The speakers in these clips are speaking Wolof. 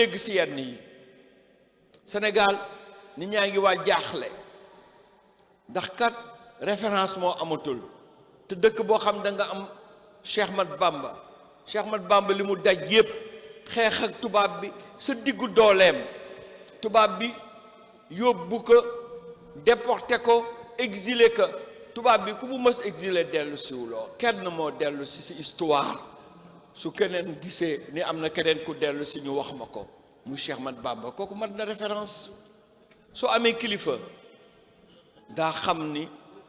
léegi si yenn yi Sénégal ni ñaa ngi waa jàqle ndax kat référence moo amatul te dëkk boo xam da nga am Cheikh Mat Bamba Cheikh Mat Bamba li mu daj yépp xeex ak tubaab bi sa diggu dooleem tubaab bi yóbbu ko déporté ko exilé ko tubaab bi ku mu mës exilé dellu siwuloo kenn moo dellu si si histoire su keneen gisee ni am na keneen ku dellu si ñu wax ma ko mu Cheikh Ahmad Bamba kooku mat na référence soo amee kilifa daa xam ni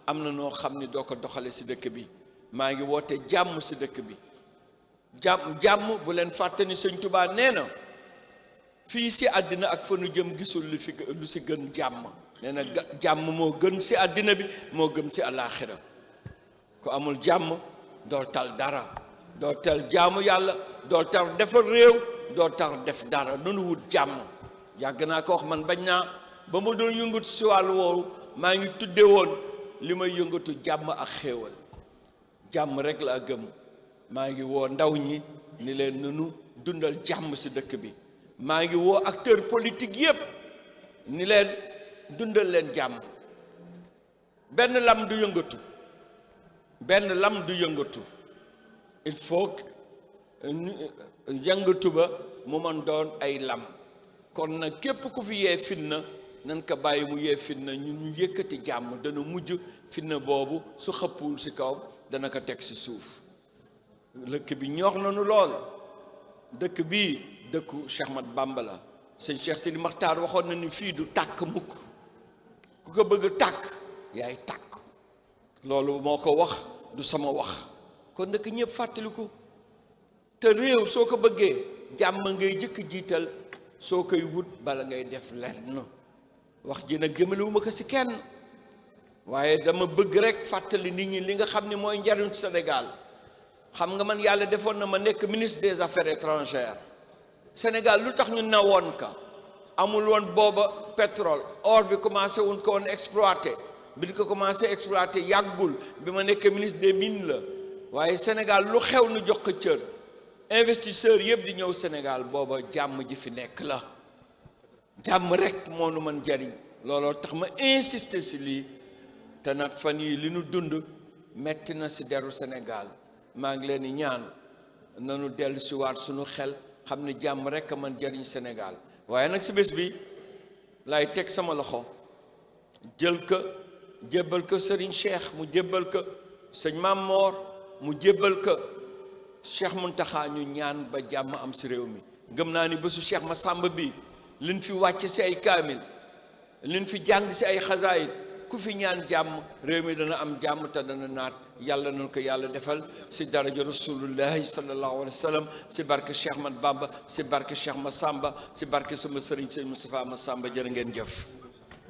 am na noo xam ni doo ko doxale si dëkk bi maa ngi woote jàmm si dëkk bi jàmm jàmm bu leen fàtte ni Sëñ nee na fii si àddina ak fa jëm gisul lu gën jàmm nee na jàmm moo gën si àddina bi moo gën si àllaaxira ku amul jàmm doo tal dara doo tal jaamu yàlla doo tar defar réew doo tar def dara nunu wut jàmm yàgg naa ko wax man bañ naa ba mu doon yëngatu si wàllu woowu maa ngi tudde woon li may yëngatu jàmm ak xéewal jàmm rek laa gëm maa ngi woo ndaw ñi ni leen nunu dundal jàmm si dëkk bi maa ngi woo acteur politik yépp ni leen dundal leen jàmm benn lam du yëngatu benn lam du yëngatu il faut euh, euh, jàngatu ba mu man doon ay lam kon nag képp ku fi yee fitna nan ko bàyyi mu yee fitna ñun ñu yëkkati jàmm dana mujj fitna boobu su xëppul si kaw dana ko teg ci suuf lëkk bi ñoox nanu lool dëkk bii dëkku Cheikh bàmbala Bamba la si Cheikh Maxtaar waxoon na ni fii du tàkk mukk ku ko bëgg tàkk yaay tàkk loolu moo ko wax du sama wax kon nag ñëpp fàttaliku te réew soo ko bëggee jàmm ngay jëkk jiital soo koy wut bala ngay def lenn wax ji nag jëmalewu ma ko si kenn waaye dama bëgg rek fàttali nit ñi li nga xam ne mooy njariñu Sénégal xam nga man yàlla defoon na ma nekk ministre des affaires étrangères Sénégal lu tax ñu nawoon ka amul woon booba pétrole or bi commencé wuñ ko woon exploité bi ñu ko commencé exploité yàggul bi ma nekk ministre des mines la waaye Sénégal lu xew nu jox ko cër investisseur yëpp di ñëw Sénégal booba jàmm ji fi nekk la jàmm rek moo nu jariñ looloo tax ma insister si lii te nag fan yii li nu dund metti na si deru Sénégal maa ngi leen di ñaan nanu dellu si waat suñu xel xam ne jàmm rek a man jariñ Sénégal waaye nag si bés bi lay teg sama loxo jël ko jébbal ko Serigne Cheikh mu jébbal ko sëñ Mamor mu jébbal ka cheikh muntaxa ñu ñaan ba jàmm am si réew mi gëm naa ni bésu cheikh ma sàmb bi liñ fi wàcc si ay kaamil liñ fi jàng si ay xasaayit ku fi ñaan jàmm réew mi dana am jàmm te dana naat yàlla nañ ko yàlla defal si daraja rasulullahi sallallahu alayhi wa sallam si barke cheikh mat bamba si barke cheikh ma sàmba si barke sama sëriñ sëñ moustapha ma sàmba jërë ngeen jëf